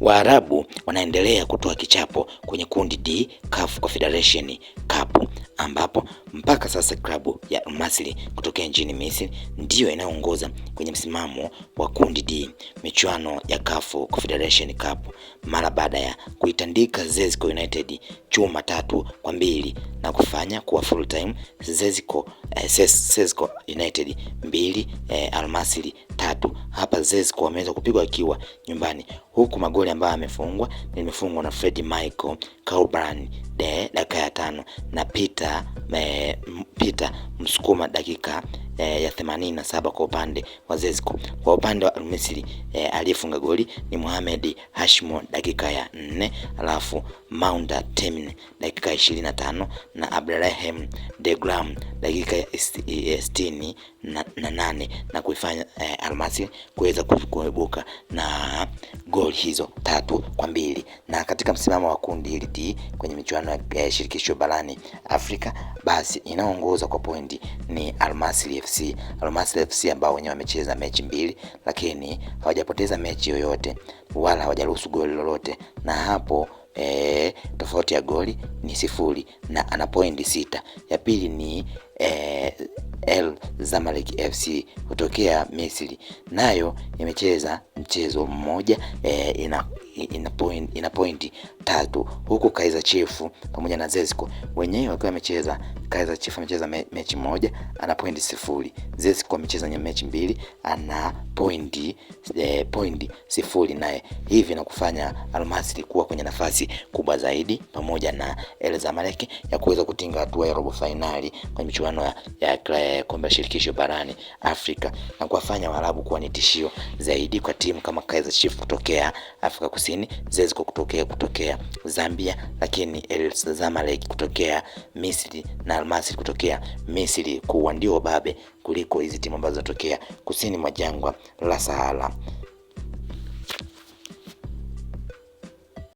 Waarabu wanaendelea kutoa kichapo kwenye kundi D CAF Confederation Cup ambapo mpaka sasa klabu ya Al Masry kutokea nchini Misri ndiyo inayoongoza kwenye msimamo wa kundi D michuano ya CAF Confederation Cup mara baada ya kuitandika Zesco United chuma tatu kwa mbili na kufanya kuwa full time Zesco, eh, Zesco United mbili, eh, Al Masry tatu. Hapa Zesco ameweza kupigwa akiwa nyumbani, huku magoli ambayo amefungwa nimefungwa na Fred Michael Calbran de dakika ya tano na Peter, me, Peter Msukuma dakika e, ya saba kwa upande wa Zesco. Kwa upande wa al e, eh, aliyefunga goli ni Mohamed Hashmo dakika ya nne alafu Mounda Temin dakika ya ishirini na Abdelrahim Degram dakika ya 60 na, na nane na kuifanya eh, Almasi kuweza kuibuka na goli hizo tatu kwa mbili. Na katika msimamo wa kundi hili D kwenye michuano ya eh, shirikisho barani Afrika, basi inaongoza kwa pointi ni Almasi FC. Almasi FC ambao wenyewe wamecheza mechi mbili, lakini hawajapoteza mechi yoyote wala hawajaruhusu goli lolote, na hapo e, tofauti ya goli ni sifuri na ana pointi sita. Ya pili ni e, El Zamalek FC kutokea Misri nayo imecheza mchezo mmoja e, ina, ina, point, ina pointi tatu, huku Kaiza Chiefs pamoja na Zesco wenyewe wakiwa wamecheza. Kaiza Chiefs amecheza me, mechi moja ana pointi sifuri. Zesco amecheza mechi mbili ana pointi eh, pointi sifuri naye, hivi na kufanya Almasri kuwa kwenye nafasi kubwa zaidi pamoja na El Zamalek ya kuweza kutinga hatua ya robo fainali kwenye michuano ya, ya kombe la shirikisho barani Afrika na kuwafanya Waarabu kuwa ni tishio zaidi kwa timu kama Kaiza Chiefs kutokea Afrika Kusini, Zesco kutokea kutokea Zambia, lakini El Zamalek kutokea Misri na Al kutokea Misri kuwa ndio babe kuliko hizi timu ambazo zinatokea kusini mwa jangwa la Sahara.